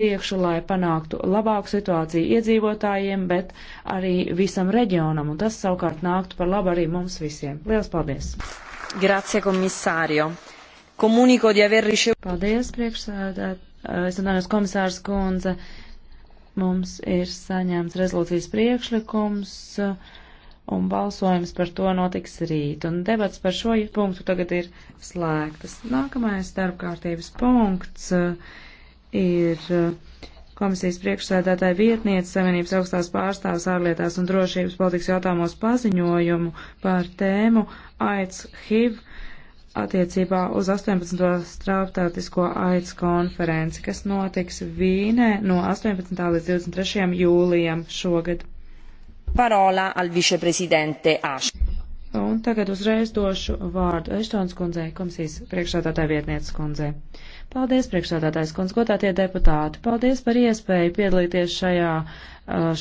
priekšu, lai panāktu labāku situāciju iedzīvotājiem, bet arī visam reģionam, un tas savukārt nāktu par labu arī mums visiem. Lielas paldies! Grazie, komisārio! Komuniko di aver ricevuto. Paldies, priekšsēdētāj. Es atvainojos, komisārs Kunze. Mums ir saņemts rezolūcijas priekšlikums un balsojums par to notiks rīt. Un debats par šo punktu tagad ir slēgtas. Nākamais darbkārtības punkts. Uh, ir eh, komisijas priekšsēdētāja vietniece Savienības augstās pārstāvs ārlietās un drošības politikas jautājumos paziņojumu par tēmu AIDS HIV attiecībā uz 18. strāvtātisko AIDS konferenci, kas notiks Vīnē no 18. līdz 23. jūlijam šogad. Parola al viceprezidente Aš. Un tagad uzreiz došu vārdu Eštons kundzei, komisijas priekšsādātāja vietnieces kundzei. Paldies, priekšsādātājs kundz, godātie deputāti. Paldies par iespēju piedalīties šajā,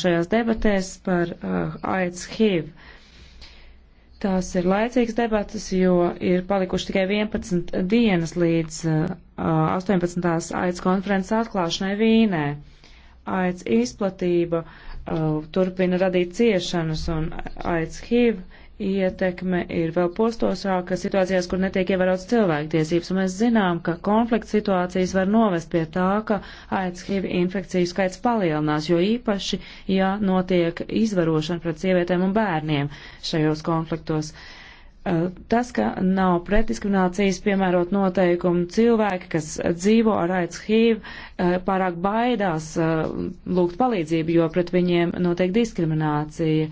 šajās debatēs par AIDS HIV. Tās ir laicīgas debatas, jo ir palikuši tikai 11 dienas līdz 18. AIDS konferences atklāšanai Vīnē. AIDS izplatība turpina radīt ciešanas un AIDS HIV ietekme ir vēl postosāka situācijās, kur netiek ievērots cilvēktiesības. Un mēs zinām, ka konflikts situācijas var novest pie tā, ka aids HIV infekciju skaits palielinās, jo īpaši, ja notiek izvarošana pret sievietēm un bērniem šajos konfliktos. Uh, tas, ka nav pretdiskriminācijas piemērot noteikumu, cilvēki, kas dzīvo ar aids HIV, uh, pārāk baidās uh, lūgt palīdzību, jo pret viņiem notiek diskriminācija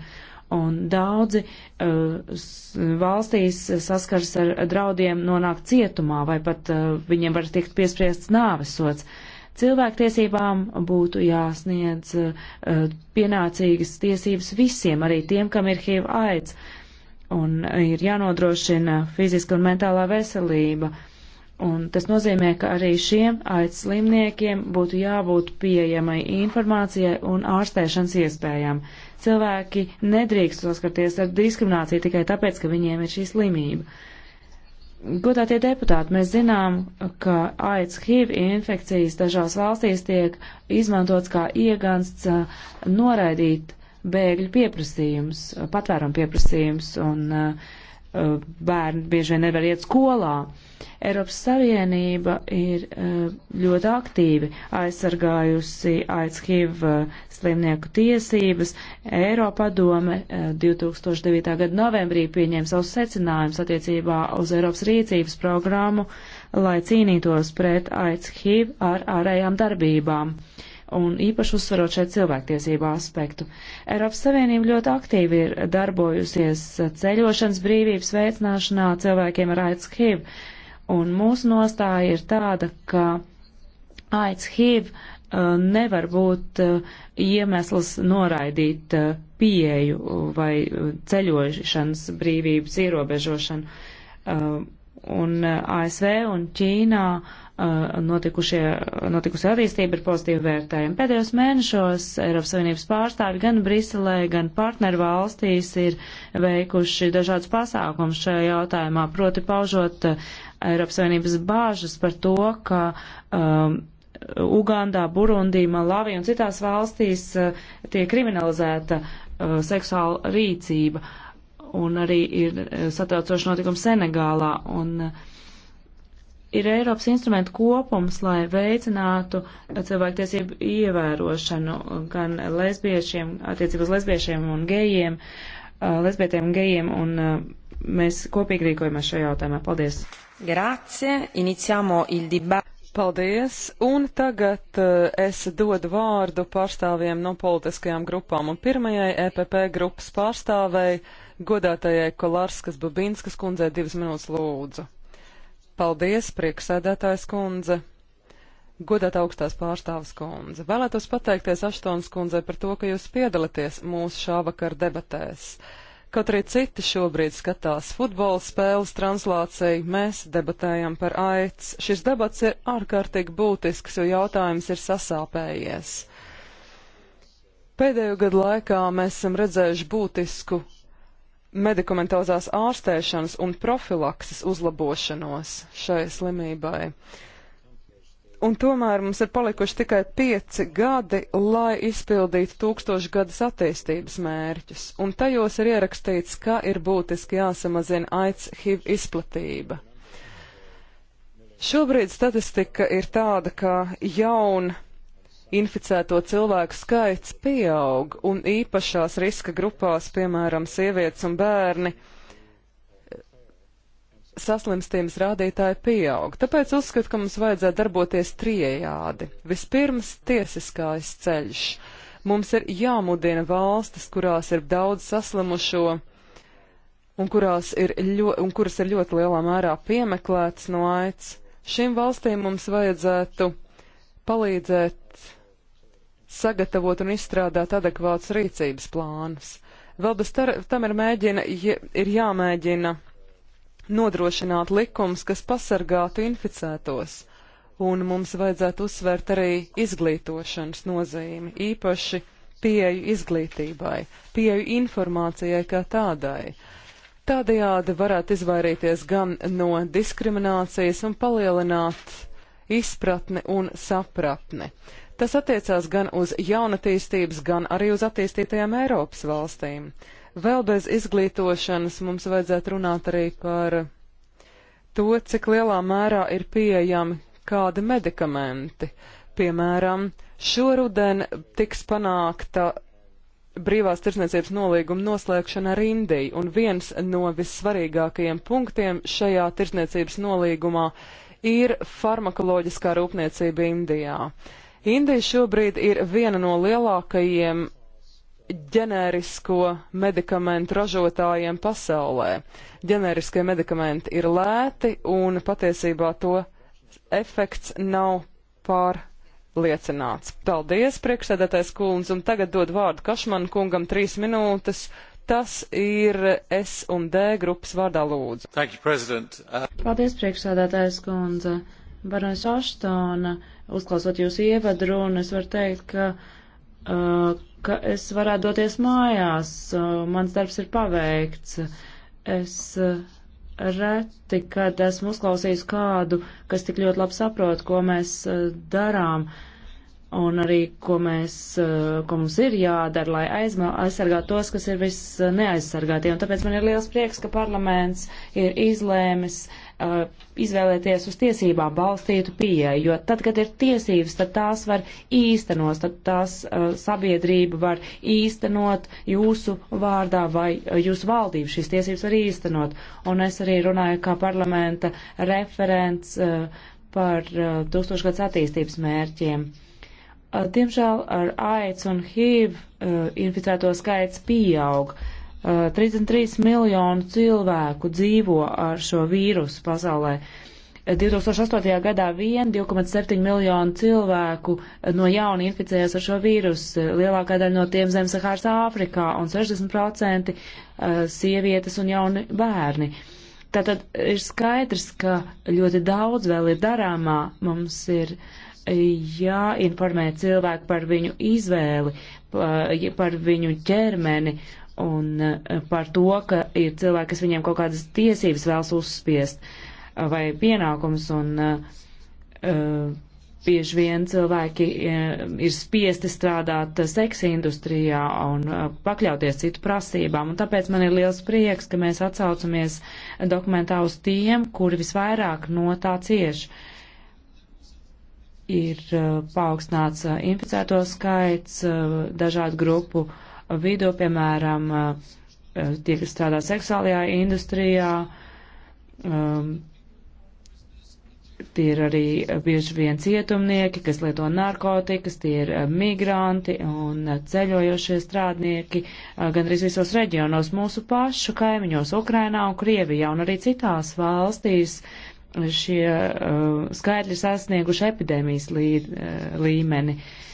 un daudzi uh, valstīs saskars ar draudiem nonākt cietumā vai pat uh, viņiem var tikt piespriests nāvesots. Cilvēktiesībām būtu jāsniedz uh, pienācīgas tiesības visiem, arī tiem, kam ir HIV aids, un ir jānodrošina fiziska un mentālā veselība. Un tas nozīmē, ka arī šiem aids slimniekiem būtu jābūt pieejamai informācijai un ārstēšanas iespējām. Cilvēki nedrīkst saskarties ar diskrimināciju tikai tāpēc, ka viņiem ir šī slimība. Godātie deputāti, mēs zinām, ka AIDS HIV infekcijas dažās valstīs tiek izmantots kā iegansts uh, noraidīt bēgļu pieprasījums, uh, patvērumu pieprasījums, un uh, uh, bērni bieži vien nevar iet skolā. Eiropas Savienība ir uh, ļoti aktīvi aizsargājusi AIDS HIV slimnieku tiesības. Eiropadome 2009. Eh, gada novembrī pieņēma savus secinājumus attiecībā uz Eiropas rīcības programmu, lai cīnītos pret AIDS HIV ar ārējām darbībām. Un īpaši uzsverot šeit cilvēktiesību aspektu. Eiropas Savienība ļoti aktīvi ir darbojusies ceļošanas brīvības veicināšanā cilvēkiem ar AIDS HIV. Un mūsu nostāja ir tāda, ka AIDS HIV Uh, nevar būt uh, iemesls noraidīt uh, pieeju vai ceļošanas brīvības ierobežošanu. Un ASV un Ķīnā notikusi attīstība ir pozitīvi vērtējama. Pēdējos mēnešos Eiropas Savienības pārstāvi gan Briselē, gan partneru valstīs ir veikuši dažādus pasākumus šajā jautājumā, proti paužot Eiropas Savienības bāžas par to, ka um, Ugandā, Burundī, Malavī un citās valstīs eh, tiek kriminalizēta eh, seksuāla rīcība un arī ir eh, satraucoši notikumi Senegālā un ir Eiropas instrumentu kopums, lai veicinātu cilvēktiesību ievērošanu gan lesbiešiem, attiecībā uz lesbiešiem un gejiem, lesbietiem un gejiem un mēs kopīgi rīkojamies šajā jautājumā. Paldies! Grazie, iniciamo il dibattito. Paldies! Un tagad uh, es dodu vārdu pārstāvjiem no politiskajām grupām un pirmajai EPP grupas pārstāvei godātajai Kolārskas Babinskas kundzei divas minūtes lūdzu. Paldies, prieksēdētājs kundze! Godāt augstās pārstāvas kundze, vēlētos pateikties Aštons kundzei par to, ka jūs piedalaties mūsu šā vakar debatēs. Uh, Kaut arī citi šobrīd skatās futbola spēles translāciju, mēs debatējam par aids. Šis debats ir ārkārtīgi būtisks, jo jautājums ir sasāpējies. Pēdējo gadu laikā mēs esam redzējuši būtisku medikamentozās ārstēšanas un profilakses uzlabošanos šai slimībai un tomēr mums ir palikuši tikai pieci gadi, lai izpildītu tūkstošgadas attīstības mērķus, un tajos ir ierakstīts, ka ir būtiski jāsamazina aids HIV izplatība. Šobrīd statistika ir tāda, ka jaun inficēto cilvēku skaits pieaug, un īpašās riska grupās, piemēram, sievietes un bērni, uh, saslimstības rādītāji pieaug. Tāpēc uzskatu, ka mums vajadzētu darboties trijējādi. Vispirms tiesiskais ceļš. Mums ir jāmudina valstis, kurās ir daudz saslimušo un, ir ļo, un kuras ir ļoti lielā mērā piemeklētas no aids. Šīm valstīm mums vajadzētu palīdzēt sagatavot un izstrādāt adekvātus rīcības plānus. Vēl bez tam ir, mēģina, ir jāmēģina nodrošināt likums, kas pasargātu inficētos, un mums vajadzētu uzsvērt arī izglītošanas nozīmi, īpaši pieeju izglītībai, pieeju informācijai kā tādai. Tādējādi varētu izvairīties gan no diskriminācijas un palielināt izpratni un sapratni. Tas attiecās gan uz jaunatīstības, gan arī uz attīstītajām Eiropas valstīm. Vēl bez izglītošanas mums vajadzētu runāt arī par to, cik lielā mērā ir pieejami kādi medikamenti. Piemēram, šoruden tiks panākta brīvās tirsniecības nolīguma noslēgšana ar Indiju, un viens no vissvarīgākajiem punktiem šajā tirsniecības nolīgumā ir farmakoloģiskā rūpniecība Indijā. Indija šobrīd ir viena no lielākajiem ģenērisko medikamentu ražotājiem pasaulē. Ģenēriskie medikamenti ir lēti un patiesībā to efekts nav pārliecināts. Paldies, priekšsēdētais kundze, un tagad dod vārdu Kašman kungam trīs minūtes. Tas ir S un D grupas vārdā lūdzu. Thank you, President. uh... Paldies, priekšsēdētājs kundze. Baronis Aštona, uzklausot jūsu ievadrunu, es varu teikt, ka uh, ka es varētu doties mājās, uh, mans darbs ir paveikts. Es uh, reti, kad esmu uzklausījis kādu, kas tik ļoti labi saprot, ko mēs uh, darām un arī, ko, mēs, ko mums ir jādara, lai aizma, aizsargātu tos, kas ir visneaizsargātie. Un tāpēc man ir liels prieks, ka parlaments ir izlēmis uh, uh, izvēlēties uz tiesībām balstītu pieeju, jo tad, kad ir tiesības, tad tās var īstenot, tad tās uh, sabiedrība var īstenot jūsu vārdā vai uh, jūsu valdību šīs tiesības var īstenot. Un es arī runāju kā parlamenta referents uh, par uh, tūkstošgads attīstības mērķiem. Uh, diemžēl ar AIDS un HIV uh, inficēto skaits pieaug. Uh, 33 eh, miljonu cilvēku dzīvo ar šo vīrusu pasaulē. 2008. Eh, gadā vien 2,7 miljonu cilvēku eh, no jauna inficējās ar šo vīrusu, lielākā daļa no tiem zem Sahāras Āfrikā un 60% sievietes un jauni bērni. Tātad ir skaidrs, ka ļoti daudz vēl ir darāmā. Mums ir jāinformē cilvēku par viņu izvēli, par viņu ķermeni un eh, par to, ka ir cilvēki, kas viņiem kaut kādas tiesības vēlas uzspiest eh, vai pienākums, un uh, bieži vien cilvēki ir spiesti strādāt seksa industrijā un pakļauties citu prasībām, un tāpēc man ir liels prieks, ka mēs atsaucamies dokumentā uz tiem, kuri visvairāk no tā cieši ir uh, paaugstināts uh, inficēto skaits, uh, dažādu grupu vidu, piemēram, uh, uh, tie, kas strādā seksuālajā industrijā, um, tie ir arī uh, bieži vien cietumnieki, kas lieto narkotikas, tie ir migranti un ceļojošie strādnieki gandrīz visos reģionos mūsu pašu kaimiņos, Ukrainā un Krievijā un arī citās valstīs. Šie uh, skaitļi sasnieguši epidēmijas lī, uh, līmeni. Uh,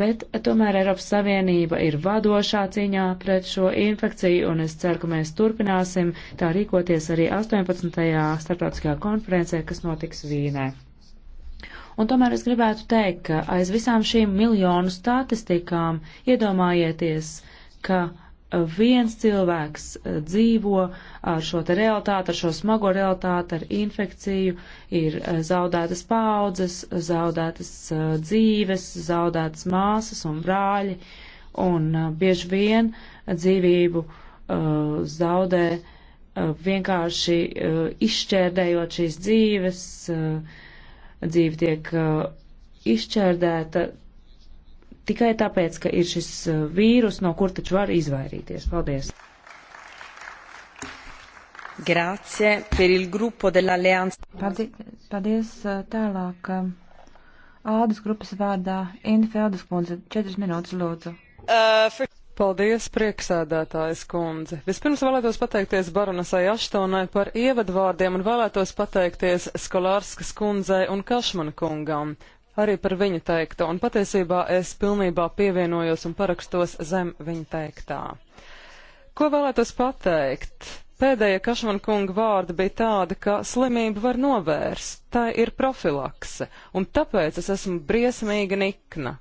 bet tomēr Eiropas Savienība ir vadošā cīņā pret šo infekciju, un es ceru, ka mēs turpināsim tā rīkoties arī 18. starptautiskajā konferencē, kas notiks Vīnē. Un tomēr es gribētu teikt, ka aiz visām šīm miljonu statistikām iedomājieties, ka uh, viens cilvēks eh, dzīvo ar šo te realitāti, ar šo smago realitāti, ar infekciju, ir eh, zaudētas paudzes, zaudētas eh, dzīves, zaudētas māsas un brāļi, un bieži vien dzīvību uh, zaudē uh, vienkārši uh, izšķērdējot šīs dzīves, dzīve tiek izšķērdēta, tikai tāpēc, ka ir šis eh, vīrus, no kur taču var izvairīties. Paldies! Grazie per il gruppo dell'alleanza. Paldies eh, tālāk. Ādas eh, grupas vārdā Infeldes kundze, 4 minūtes lūdzu. Uh, for... Paldies, prieksēdētājs kundze. Vispirms vēlētos pateikties baronasai Aštonai par ievadvārdiem un vēlētos pateikties Skolārskas kundzei un Kašmana kungam arī par viņa teikto, un patiesībā es pilnībā pievienojos un parakstos zem viņa teiktā. Ko vēlētos pateikt? Pēdējie Kašman kunga vārdi bija tādi, ka slimību var novērst, tā ir profilakse, un tāpēc es esmu briesmīgi nikna.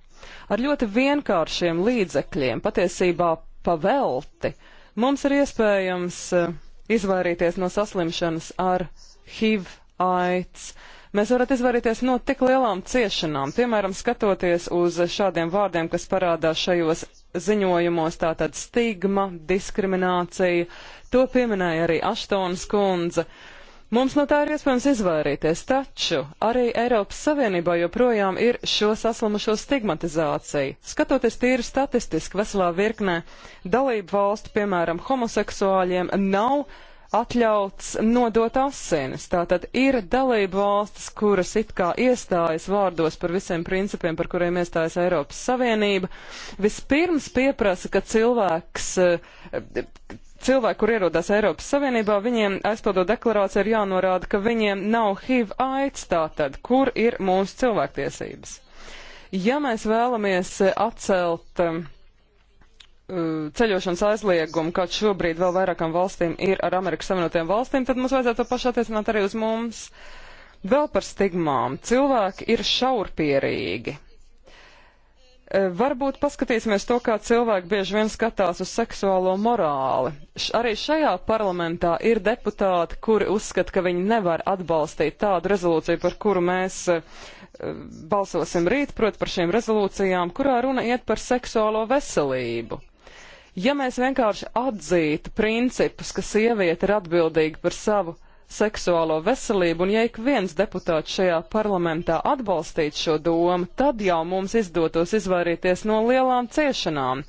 Ar ļoti vienkāršiem līdzekļiem, patiesībā pavelti, mums ir iespējams eh, izvairīties no saslimšanas ar HIV aids. Mēs varētu izvairīties no tik lielām ciešanām, piemēram, skatoties uz šādiem vārdiem, kas parādās šajos ziņojumos, tātad stigma, diskriminācija. To pieminēja arī Aštonas kundze. Mums no tā ir iespējams izvairīties, taču arī Eiropas Savienībā joprojām ir šo saslimušo stigmatizāciju. Skatoties tīri statistiski, veselā virknē dalību valstu, piemēram, homoseksuāļiem, nav atļauts nodot asinis. Tātad ir dalība valstis, kuras it kā iestājas vārdos par visiem principiem, par kuriem iestājas Eiropas Savienība. Vispirms pieprasa, ka cilvēks, eh, cilvēki, kur ierodas Eiropas Savienībā, viņiem aizpildot deklarāciju ir jānorāda, ka viņiem nav HIV aids, tātad kur ir mūsu cilvēktiesības. Ja mēs vēlamies eh, atcelt eh, Uh, ceļošanas aizliegumu, kāds šobrīd vēl vairākām valstīm ir ar Amerikas Savienotajām valstīm, tad mums vajadzētu to pašu attiecināt arī uz mums. Vēl par stigmām. Cilvēki ir šaurpierīgi. Uh, varbūt paskatīsimies to, kā cilvēki bieži vien skatās uz seksuālo morāli. Arī šajā parlamentā ir deputāti, kuri uzskata, ka viņi nevar atbalstīt tādu rezolūciju, par kuru mēs uh, balsosim rīt, proti par šīm rezolūcijām, kurā runa iet par seksuālo veselību. Ja mēs vienkārši atzītu principus, ka sieviete ir atbildīga par savu seksuālo veselību, un ja ik viens deputāts šajā parlamentā atbalstītu šo domu, tad jau mums izdotos izvairīties no lielām ciešanām.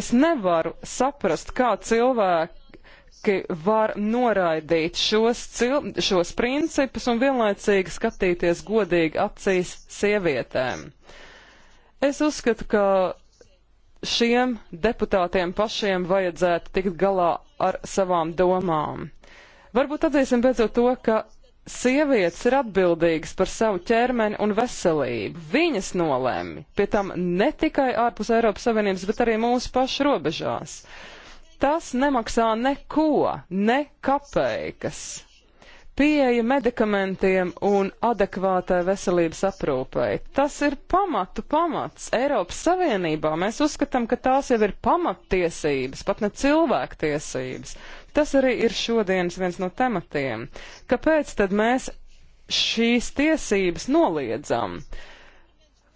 Es nevaru saprast, kā cilvēki var noraidīt šos, cil... šos principus un vienlaicīgi skatīties godīgi acīs sievietēm. Es uzskatu, ka šiem deputātiem pašiem vajadzētu tikt galā ar savām domām. Varbūt atzīsim beidzot to, ka sievietes ir atbildīgas par savu ķermeni un veselību. Viņas nolēma, pie tam ne tikai ārpus Eiropas Savienības, bet arī mūsu pašu robežās. Tas nemaksā neko, ne kapeikas pieeja medikamentiem un adekvātai veselības aprūpai. Tas ir pamatu pamats. Eiropas Savienībā mēs uzskatām, ka tās jau ir pamattiesības, pat ne cilvēktiesības. Tas arī ir šodienas viens no tematiem. Kāpēc tad mēs šīs tiesības noliedzam?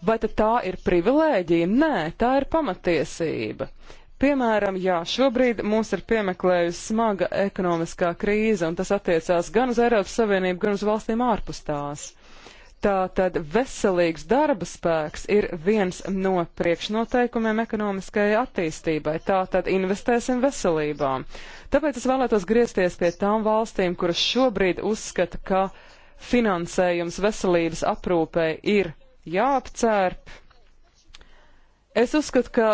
Vai tad tā ir privilēģija? Nē, tā ir pamatiesība. Piemēram, jā, šobrīd mūs ir piemeklējusi smaga ekonomiskā krīze, un tas attiecās gan uz Eiropas Savienību, gan uz valstīm ārpus tās. Tātad veselīgs darba spēks ir viens no priekšnoteikumiem ekonomiskajai attīstībai. Tātad investēsim veselībā. Tāpēc es vēlētos griezties pie tām valstīm, kuras šobrīd uzskata, ka finansējums veselības aprūpē ir jāapcērp. Es uzskatu, ka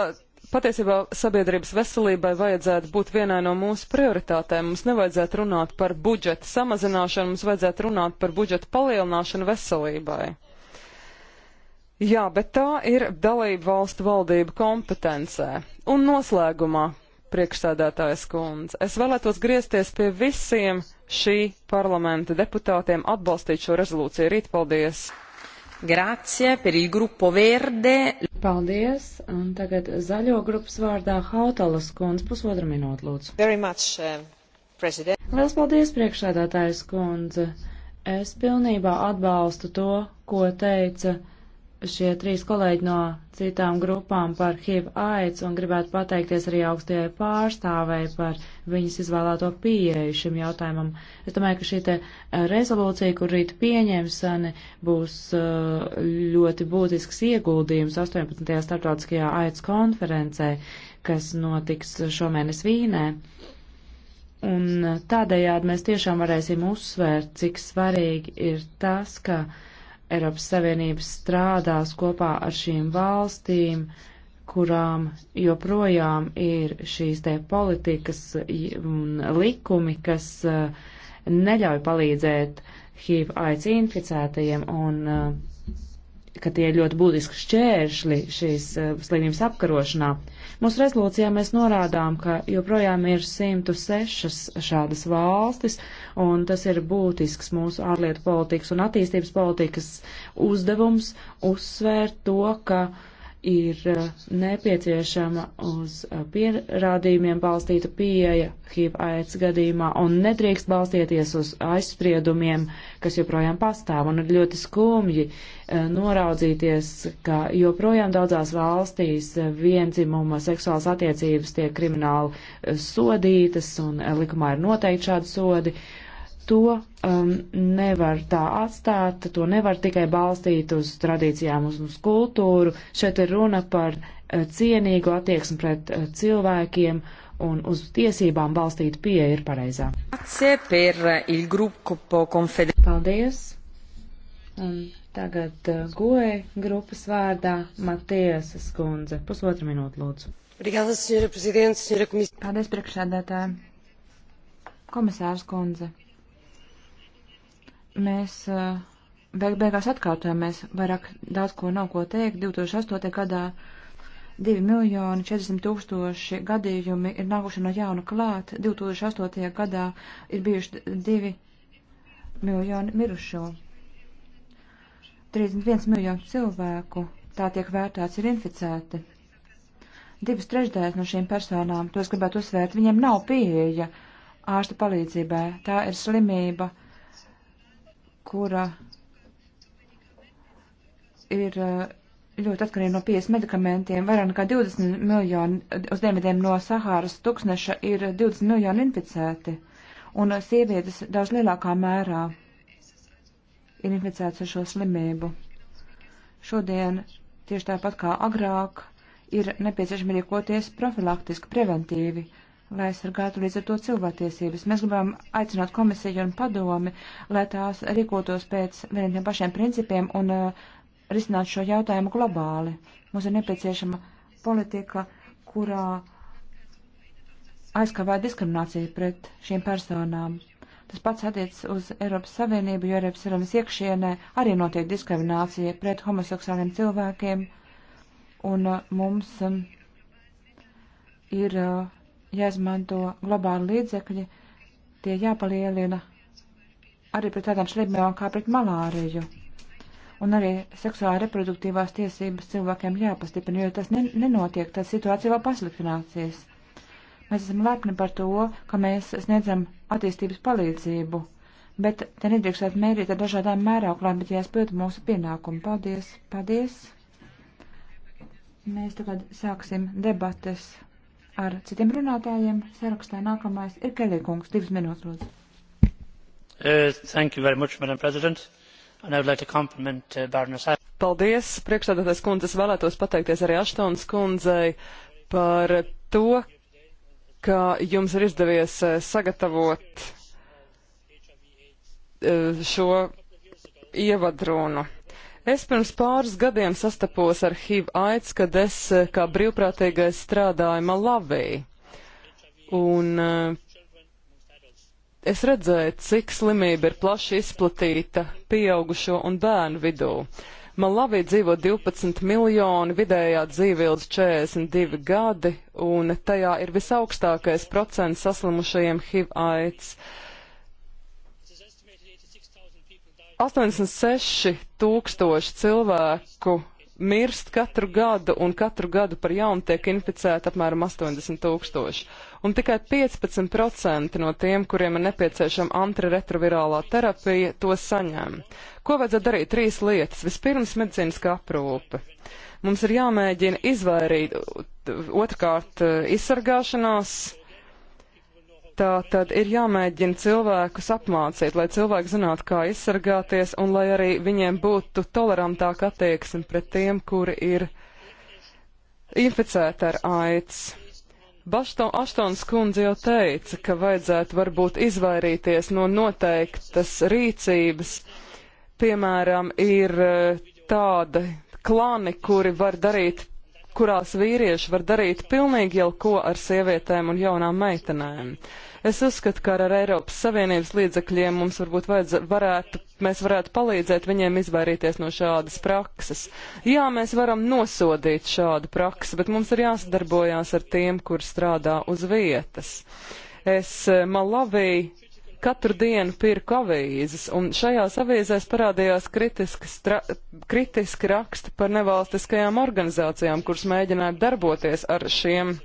Patiesībā sabiedrības veselībai vajadzētu būt vienai no mūsu prioritātēm. Mums nevajadzētu runāt par budžeta samazināšanu, mums vajadzētu runāt par budžeta palielināšanu veselībai. Jā, bet tā ir dalība valstu valdību kompetencē. Un noslēgumā, priekšsēdētājas kundze, es vēlētos griezties pie visiem šī parlamenta deputātiem atbalstīt šo rezolūciju. Rīt paldies! Grācie per il grupo verde. Paldies, un tagad zaļo grupas vārdā Hautalas kundze pusotra minūte, lūdzu. Very much, uh, president. Liels paldies, priekšsēdētājs kundze. Es pilnībā atbalstu to, ko teica šie trīs kolēģi no citām grupām par HIV aids un gribētu pateikties arī augstajai pārstāvēji par viņas izvēlēto pieeju šim jautājumam. Es domāju, ka šī te eh, rezolūcija, kur rīt pieņemsani, būs eh, ļoti būtisks ieguldījums 18. starptautiskajā aids konferencē, kas notiks šomēnes Vīnē. Un eh, tādējādi mēs tiešām varēsim uzsvērt, cik svarīgi ir tas, ka uh, Eiropas Savienība strādās kopā ar šīm valstīm, kurām joprojām ir šīs te politikas un likumi, kas e, neļauj palīdzēt HIV aids inficētajiem un e, ka tie ir ļoti būtiski šķēršļi šīs eh, slimības apkarošanā. Mūsu rezolūcijā mēs norādām, ka joprojām ir 106 šādas valstis, un tas ir būtisks mūsu ārlietu politikas un attīstības politikas uzdevums uzsvērt to, ka uh, ir eh, nepieciešama uz eh, pierādījumiem balstīta pieeja HIV aids gadījumā un nedrīkst balstīties uz aizspriedumiem, kas joprojām pastāv. Un ir ļoti skumji eh, noraudzīties, ka joprojām daudzās valstīs viendzimuma seksuālas attiecības tiek krimināli sodītas un likumā ir noteikti šādi sodi. Uh, To um, nevar tā atstāt, to nevar tikai balstīt uz tradīcijām, uz, uz kultūru. Šeit ir runa par uh, cienīgu attieksmi pret uh, cilvēkiem un uz tiesībām balstīta pieeja ir pareizā. Paldies! Un tagad uh, eh, goja grupas vārdā Matiesa skundze. Pusotra minūte, lūdzu. Brigāda, senjora prezidents, senjora komisija. Paldies, priekšsēdētāji. Komisārs kundze mēs eh, beig beigās atkārtojamies, vairāk daudz ko nav ko teikt. 2008. gadā 2 miljoni 40 tūkstoši gadījumi ir nākuši no jauna klāt, 2008. gadā ir bijuši 2 miljoni mirušo. 31 miljonu cilvēku tā tiek vērtēts ir inficēti. Divas trešdaļas no šīm personām, to es gribētu uzsvērt, viņiem nav pieeja ārsta palīdzībai. Tā ir slimība kura ir eh, ļoti atkarīga no pieejas medikamentiem. Vairāk nekā 20 miljoni uz dienvidiem no Sahāras tūkstneša ir 20 miljoni inficēti, un eh, sievietes daudz lielākā mērā ir inficētas ar šo slimību. Šodien, tieši tāpat kā agrāk, ir nepieciešami rīkoties profilaktiski, preventīvi, lai aizsargātu līdz ar to cilvēktiesības. Mēs gribam aicināt komisiju un padomi, lai tās rīkotos pēc vieniem pašiem principiem un uh, risinātu šo jautājumu globāli. Mums ir nepieciešama politika, kurā aizkavē diskrimināciju pret šīm personām. Tas pats attiecas uz Eiropas Savienību, jo Eiropas Savienības iekšienē arī notiek diskriminācija pret homoseksuāliem cilvēkiem, un uh, mums um, ir uh, jāizmanto globāli līdzekļi, tie jāpalielina arī pret tādām slimībām kā pret malāriju. Un arī seksuāla reproduktīvās tiesības cilvēkiem jāpastiprina, jo tas nenotiek, tad situācija vēl pasliktināsies. Mēs esam lepni par to, ka mēs sniedzam attīstības palīdzību, bet te nedrīkstētu mērīt ar dažādām mērauklām, bet jāspilda mūsu pienākumu. Paldies, paldies! Mēs tagad sāksim debates ar citiem runātājiem. Sarakstā nākamais ir Kelīkungs, divas minūtes lūdzu. Uh, thank you very much, Madam President. And I would like to compliment uh, Baroness Paldies, priekšstādātais kundze. Es vēlētos pateikties arī Aštons kundzei par to, ka jums ir izdevies uh, sagatavot uh, šo ievadrunu. Es pirms pāris gadiem sastapos ar HIV aids, kad es eh, kā brīvprātīgais strādāju Malavī. Un eh, es redzēju, cik slimība ir plaši izplatīta pieaugušo un bērnu vidū. Malavī dzīvo 12 miljoni, vidējā dzīvildz 42 gadi, un tajā ir visaugstākais procents saslimušajiem HIV aids. Uh, 86 tūkstoši cilvēku mirst katru gadu, un katru gadu par jaunu tiek inficēta apmēram 80 tūkstoši. Un tikai 15% no tiem, kuriem ir nepieciešama antiretrovirālā terapija, to saņem. Ko vajadzētu darīt? Trīs lietas. Vispirms medicīniska aprūpe mums ir jāmēģina izvairīt otrkārt eh, izsargāšanās, Tā tad ir jāmēģina cilvēkus apmācīt, lai cilvēki zinātu, kā izsargāties, un lai arī viņiem būtu tolerantāka attieksme pret tiem, kuri ir inficēti ar aids. Aštons kundze jau teica, ka vajadzētu varbūt izvairīties no noteiktas rīcības. Piemēram, ir eh, tādi klāni, kuri var darīt kurās vīrieši var darīt pilnīgi jau ko ar sievietēm un jaunām meitenēm. Es uzskatu, ka ar Eiropas Savienības līdzekļiem mums varbūt vajadz, varētu, mēs varētu palīdzēt viņiem izvairīties no šādas prakses. Jā, mēs varam nosodīt šādu praksi, bet mums ir jāsadarbojās ar tiem, kur strādā uz vietas. Es e, Malavī katru dienu pirku avīzes, un šajās avīzēs parādījās kritiski, stra, kritiski raksti par nevalstiskajām organizācijām, kuras mēģināja darboties ar šiem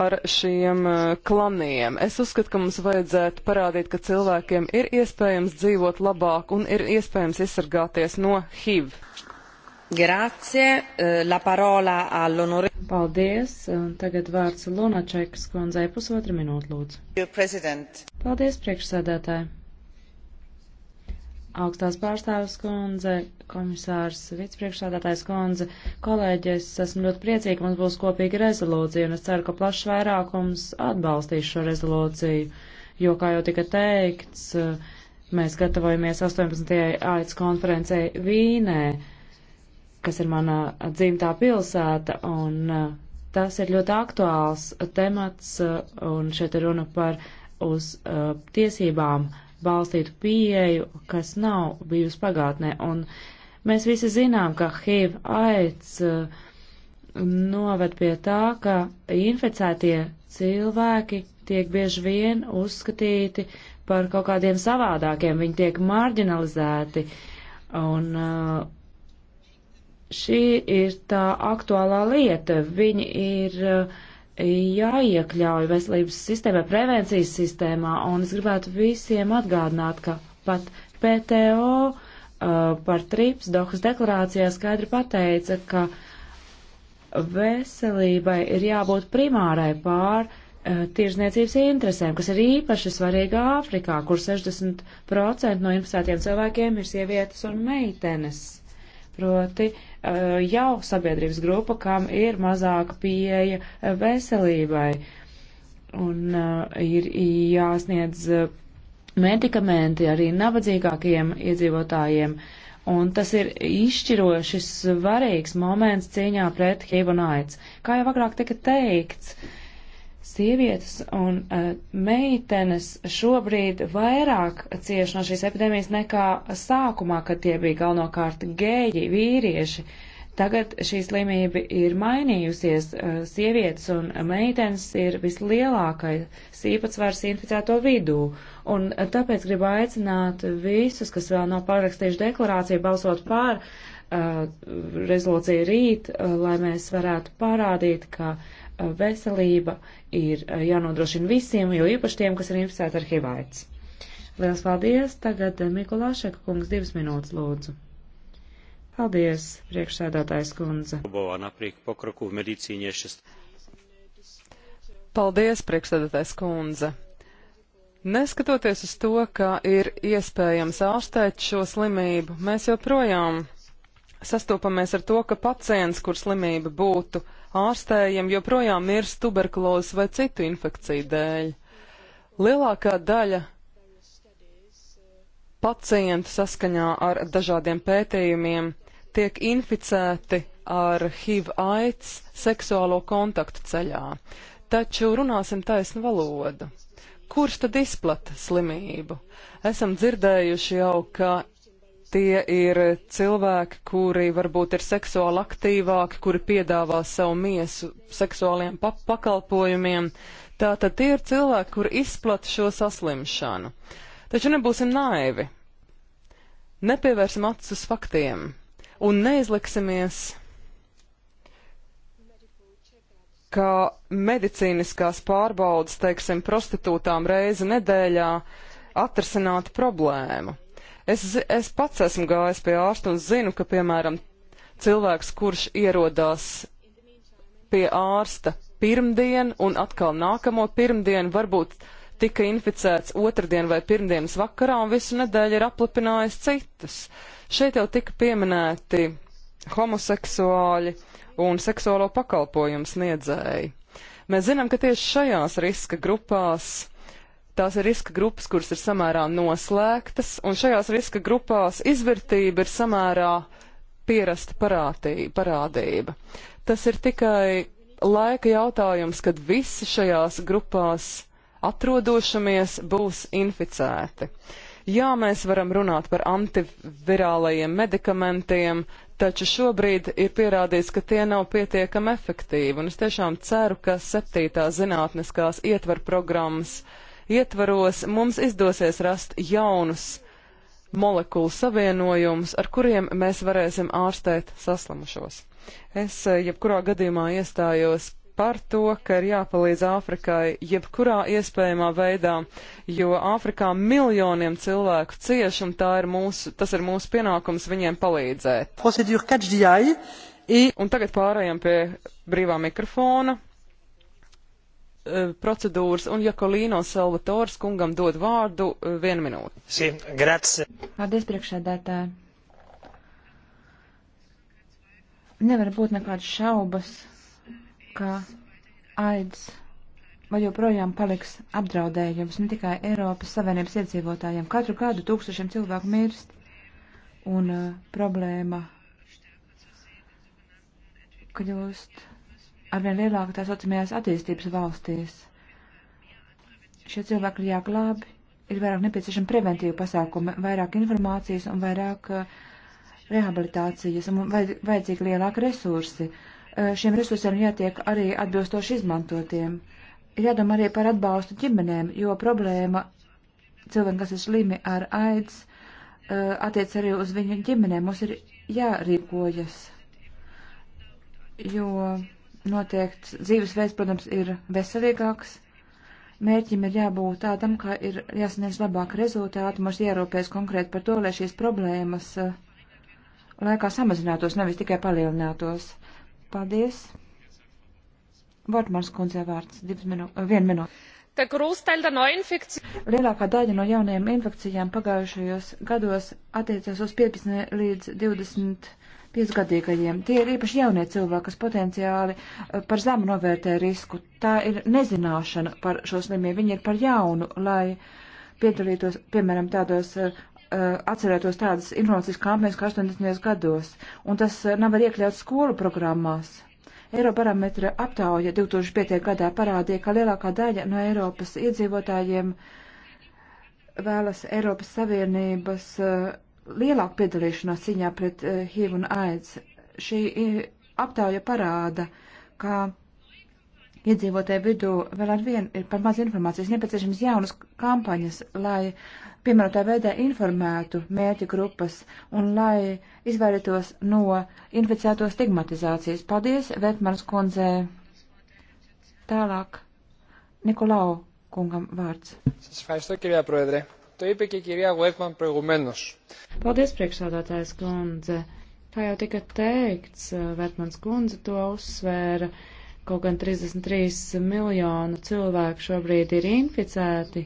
ar šiem eh, klaniem. Es uzskatu, ka mums vajadzētu parādīt, ka cilvēkiem ir iespējams dzīvot labāk un ir iespējams izsargāties no HIV. Grazie, eh, la parola all'onore. Paldies, tagad vārds Lunačekas kundzei pusotra minūte lūdzu. Paldies, priekšsēdētāji augstās pārstāvis kundze, komisārs, vicepriekšsādātājs kundze, kolēģi, es esmu ļoti priecīgi, ka mums būs kopīga rezolūcija, un es ceru, ka plašs vairākums atbalstīs šo rezolūciju, jo, kā jau tika teikts, mēs gatavojamies 18. aic konferencei Vīnē, kas ir mana dzimtā pilsēta, un tas ir ļoti aktuāls temats, un šeit ir runa par uz uh, tiesībām balstītu pieeju, kas nav bijusi pagātnē. Un mēs visi zinām, ka HIV aids uh, noved pie tā, ka inficētie cilvēki tiek bieži vien uzskatīti par kaut kādiem savādākiem, viņi tiek marginalizēti. Un uh, šī ir tā aktuālā lieta. Viņi ir uh, jāiekļauj veselības sistēmā, prevencijas sistēmā, un es gribētu visiem atgādināt, ka pat PTO uh, par trips Dohas deklarācijā skaidri pateica, ka veselībai ir jābūt primārai pār uh, tirzniecības interesēm, kas ir īpaši svarīga Āfrikā, kur 60% no investētiem cilvēkiem ir sievietes un meitenes. Proti, uh, Eh, jau sabiedrības grupa, kam ir mazāka pieeja eh, veselībai. Un eh, ir jāsniedz medikamenti arī nabadzīgākajiem iedzīvotājiem. Un tas ir izšķiroši svarīgs moments cīņā pret HIV un AIDS. Kā jau agrāk tika teikts, uh, sievietes un uh, meitenes šobrīd vairāk cieš no šīs epidēmijas nekā sākumā, kad tie bija galvenokārt gēļi, vīrieši. Tagad šī slimība ir mainījusies. Uh, sievietes un meitenes ir vislielākais īpatsvars inficēto vidū. Un uh, tāpēc gribu aicināt visus, kas vēl nav parakstījuši deklarāciju, balsot par rezolūciju rīt, lai mēs varētu parādīt, ka uh, Eh, veselība ir eh, jānodrošina visiem, jo īpaši tiem, kas ir inficēti ar hivaids. Liels paldies! Tagad eh, Mikulāšeka kungs divas minūtes lūdzu. Paldies, priekšsēdātājs kundze. Paldies, priekšsēdātājs kundze. Neskatoties uz to, ka ir iespējams ārstēt šo slimību, mēs joprojām sastopamies ar to, ka pacients, kur slimība būtu ārstējama, joprojām mirs tuberkulozes vai citu infekciju dēļ. Lielākā daļa pacientu saskaņā ar dažādiem pētījumiem tiek inficēti ar HIV aids seksuālo kontaktu ceļā. Taču runāsim taisnu valodu kurš tad izplata slimību? Esam dzirdējuši jau, ka tie ir cilvēki, kuri varbūt ir seksuāli aktīvāki, kuri piedāvā savu miesu seksuāliem pa pakalpojumiem. Tātad tie ir cilvēki, kuri izplata šo saslimšanu. Taču nebūsim naivi. Nepievērsim acis uz faktiem un neizliksimies, ka medicīniskās pārbaudas, teiksim, prostitūtām reizi nedēļā atrasināt problēmu. Es, es pats esmu gājis pie ārsta un zinu, ka, piemēram, cilvēks, kurš ierodās pie ārsta pirmdien un atkal nākamo pirmdienu, varbūt tika inficēts otrdien vai pirmdienas vakarā un visu nedēļu ir aplipinājis citus. Šeit jau tika pieminēti homoseksuāļi un seksuālo pakalpojumu sniedzēji. Mēs zinām, ka tieši šajās riska grupās Tās ir riska grupas, kuras ir samērā noslēgtas, un šajās riska grupās izvērtība ir samērā pierasta parātī, parādība. Tas ir tikai laika jautājums, kad visi šajās grupās atrodošamies būs inficēti. Jā, mēs varam runāt par antivirālajiem medikamentiem, taču šobrīd ir pierādīts, ka tie nav pietiekami efektīvi, un es tiešām ceru, ka septītā zinātniskās ietver programmas uh, ietvaros mums izdosies rast jaunus molekulu savienojumus, ar kuriem mēs varēsim ārstēt saslimušos. Es eh, jebkurā gadījumā iestājos par to, ka ir jāpalīdz Āfrikai jebkurā iespējamā veidā, jo Āfrikā miljoniem cilvēku cieš, un ir mūsu, tas ir mūsu pienākums viņiem palīdzēt. Un tagad pārējām pie brīvā mikrofona. Eh, procedūras, un Jakolīno Salvators kungam dod vārdu eh, vienu minūti. Sí, grazie. Paldies, priekšēdētāji. Nevar būt nekādas šaubas, ka aids vai joprojām paliks apdraudējums ne tikai Eiropas Savienības iedzīvotājiem. Katru gadu tūkstošiem cilvēku mirst, un uh, problēma kļūst arvien lielāka tā saucamajās attīstības valstīs. Šie cilvēki ir jāglābi, ir vairāk nepieciešama preventīva pasākuma, vairāk informācijas un vairāk eh, rehabilitācijas un vajadzīgi lielāki resursi. Eh, šiem resursiem jātiek arī atbilstoši izmantotiem. Ir jādomā arī par atbalstu ģimenēm, jo problēma cilvēkiem, kas ir slimi ar aids, eh, attiec arī uz viņu ģimenēm. Mums ir jārīkojas, jo noteikts dzīvesveids, protams, ir veselīgāks. Mērķim ir jābūt tādam, ka ir jāsniedz labāk rezultāti, mums jārūpēs konkrēti par to, lai šīs problēmas eh, laikā samazinātos, nevis tikai palielinātos. Paldies. Vortmans kundze vārds, divas minūtes, viena minūte. Tā krūsteļa no infekcijas. Lielākā daļa no jaunajām infekcijām pagājušajos gados attiecās uz 15 līdz 20 piecgadīgajiem. Tie ir īpaši jaunie cilvēki, kas potenciāli eh, par zemu novērtē risku. Tā ir nezināšana par šo slimību. Viņi ir par jaunu, lai piedalītos, piemēram, tādos eh, eh, atcerētos tādas informācijas kampaņas kā 80. gados, un tas nav arī iekļauts skolu programmās. Eiroparametra aptauja 2005. gadā parādīja, ka lielākā daļa no Eiropas iedzīvotājiem vēlas Eiropas Savienības lielāku piedalīšanos ciņā pret uh, HIV un AIDS. Šī aptauja parāda, ka iedzīvotāju vidū vēl ar vienu ir par maz informācijas, nepieciešams jaunas kampaņas, lai piemērotā veidā informētu mērķi grupas un lai izvairītos no inficēto stigmatizācijas. Paldies, Vetmanas kundzē. Tālāk Nikolau kungam vārds. Svaistokļā, proedre. Το είπε και η κυρία Γουέφμαν προηγουμένως. Paldies, priekšsādātājs kundze. Kā jau tika teikts, Vērtmans kundze to uzsvēra, kaut gan 33 miljonu cilvēku šobrīd ir inficēti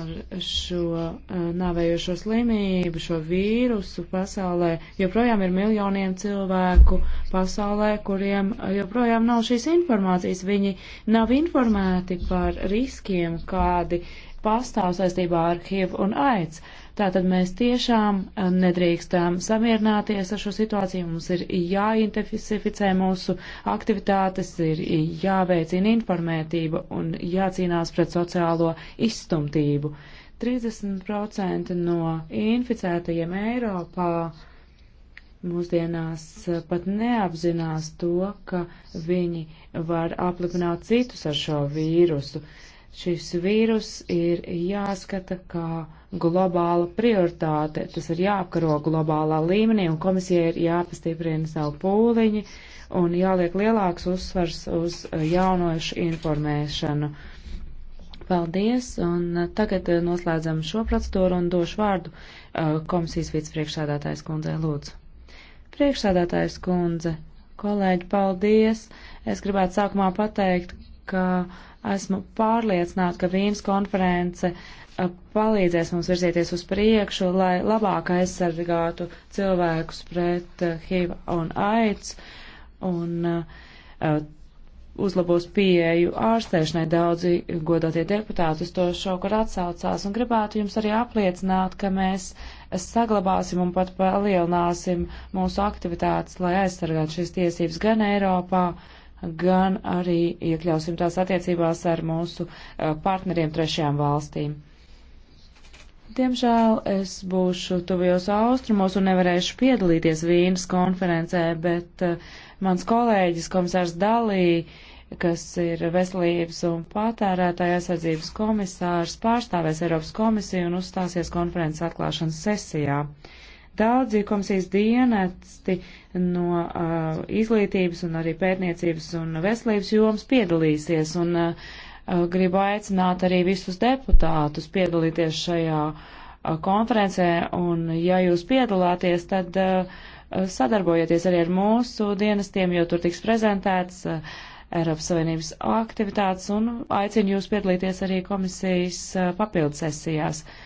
ar šo eh, nāvējošo slimību, šo vīrusu pasaulē. Joprojām ir miljoniem cilvēku pasaulē, kuriem joprojām nav šīs informācijas. Viņi nav informēti par riskiem, kādi pastāv saistībā ar HIV un AIDS. Tātad mēs tiešām eh, nedrīkstām samierināties ar šo situāciju. Mums ir jāintensificē mūsu aktivitātes, ir jāveicina informētība un jācīnās pret sociālo izstumtību. 30% no inficētajiem Eiropā mūsdienās eh, pat neapzinās to, ka viņi var aplipināt citus ar šo vīrusu. Uh, Šis vīrus ir jāskata kā globāla prioritāte. Tas ir jāapkaro globālā līmenī, un komisija ir jāpastiprina savu pūliņi un jāliek lielāks uzsvars uz uh, jaunošu informēšanu. Paldies, un uh, tagad uh, noslēdzam šo procedūru un došu vārdu komisijas vicepriekšsādātājs kundzei Lūdzu. Priekšsādātājs kundze, kolēģi, paldies! Es gribētu sākumā pateikt, ka esmu pārliecināta, ka Vīnas konference palīdzēs mums virzieties uz priekšu, lai labāk aizsargātu cilvēkus pret HIV un AIDS un uh, uzlabos pieeju ārstēšanai. Daudzi godotie deputāti uz to šokar atsaucās un gribētu jums arī apliecināt, ka mēs saglabāsim un pat palielināsim mūsu aktivitātes, lai aizsargātu šīs tiesības gan Eiropā, uh, gan arī iekļausim tās attiecībās ar mūsu eh, partneriem trešajām valstīm. Diemžēl es būšu tuvijos austrumos un nevarēšu piedalīties Vīnas konferencē, bet eh, mans kolēģis komisārs Dalī, kas ir veselības un patērētāja aizsardzības komisārs, pārstāvēs Eiropas komisiju un uzstāsies konferences atklāšanas sesijā. Uh, Daudzi komisijas dienesti no uh, izglītības un arī pētniecības un veselības jomas piedalīsies, un uh, uh, gribu aicināt arī visus deputātus piedalīties šajā uh, konferencē, un ja jūs piedalāties, tad uh, sadarbojoties arī ar mūsu dienestiem, jo tur tiks prezentēts uh, Eiropas Savienības aktivitātes un aicinu jūs piedalīties arī komisijas uh, papildu sesijās. Uh,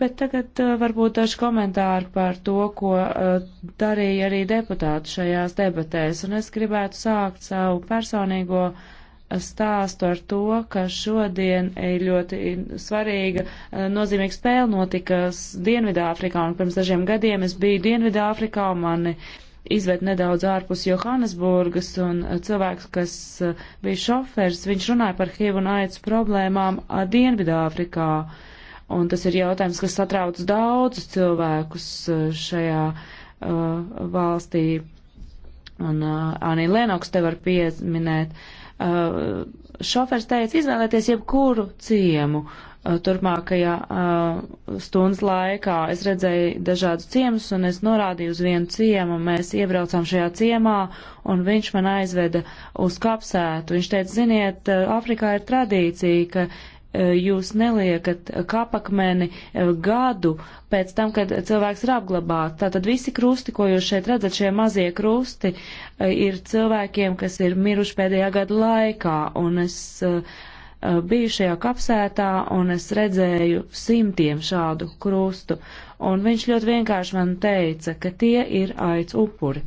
Bet tagad uh, varbūt daži komentāri par to, ko uh, darīja arī deputāti šajās debatēs. Un es gribētu sākt savu personīgo eh, stāstu ar to, ka šodien ir ļoti svarīga, uh, nozīmīga spēle notika Dienvidāfrikā. Un pirms dažiem gadiem es biju Dienvidāfrikā un mani izved nedaudz ārpus Johannesburgas un cilvēks, kas bija šofers, viņš runāja par HIV un AIDS problēmām Dienvidāfrikā. Uh, Un tas ir jautājums, kas satrauc daudzus cilvēkus uh, šajā uh, valstī. Un uh, Anī Lenoks te var pieminēt. Uh, šofers teica, izvēlēties jebkuru ciemu uh, turpmākajā uh, stundas laikā. Es redzēju dažādus ciemus un es norādīju uz vienu ciemu. Mēs iebraucām šajā ciemā un viņš man aizveda uz kapsētu. Viņš teica, ziniet, Afrikā uh, ir tradīcija, ka Eh, jūs neliekat kapakmeni eh, gadu pēc tam, kad cilvēks ir apglabāts. Tātad visi krusti, ko jūs šeit redzat, šie mazie krusti, eh, ir cilvēkiem, kas ir miruši pēdējā gada laikā. Un es biju šajā kapsētā un es redzēju simtiem šādu krustu. Un viņš ļoti vienkārši man teica, ka tie ir aic upuri.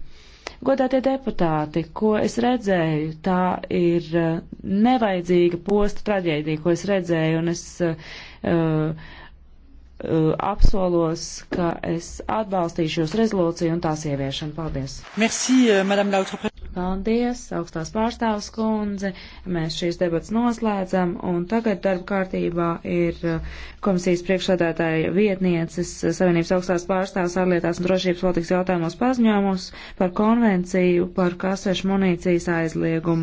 Godātie deputāti, ko es redzēju, tā ir eh, nevajadzīga posta traģēdija, ko es redzēju, un es uh, uh, apsolos, ka es atbalstīšu jūs rezolūciju un tās ieviešanu. Paldies! Merci, uh, Paldies, augstās pārstāvs kundze. Mēs šīs debats noslēdzam, un tagad darba kārtībā ir uh, komisijas priekšsādātāja vietnieces uh, Savienības augstās pārstāvs ārlietās un drošības politikas jautājumos paziņojumus par konvenciju par kasvešu munīcijas aizliegumu.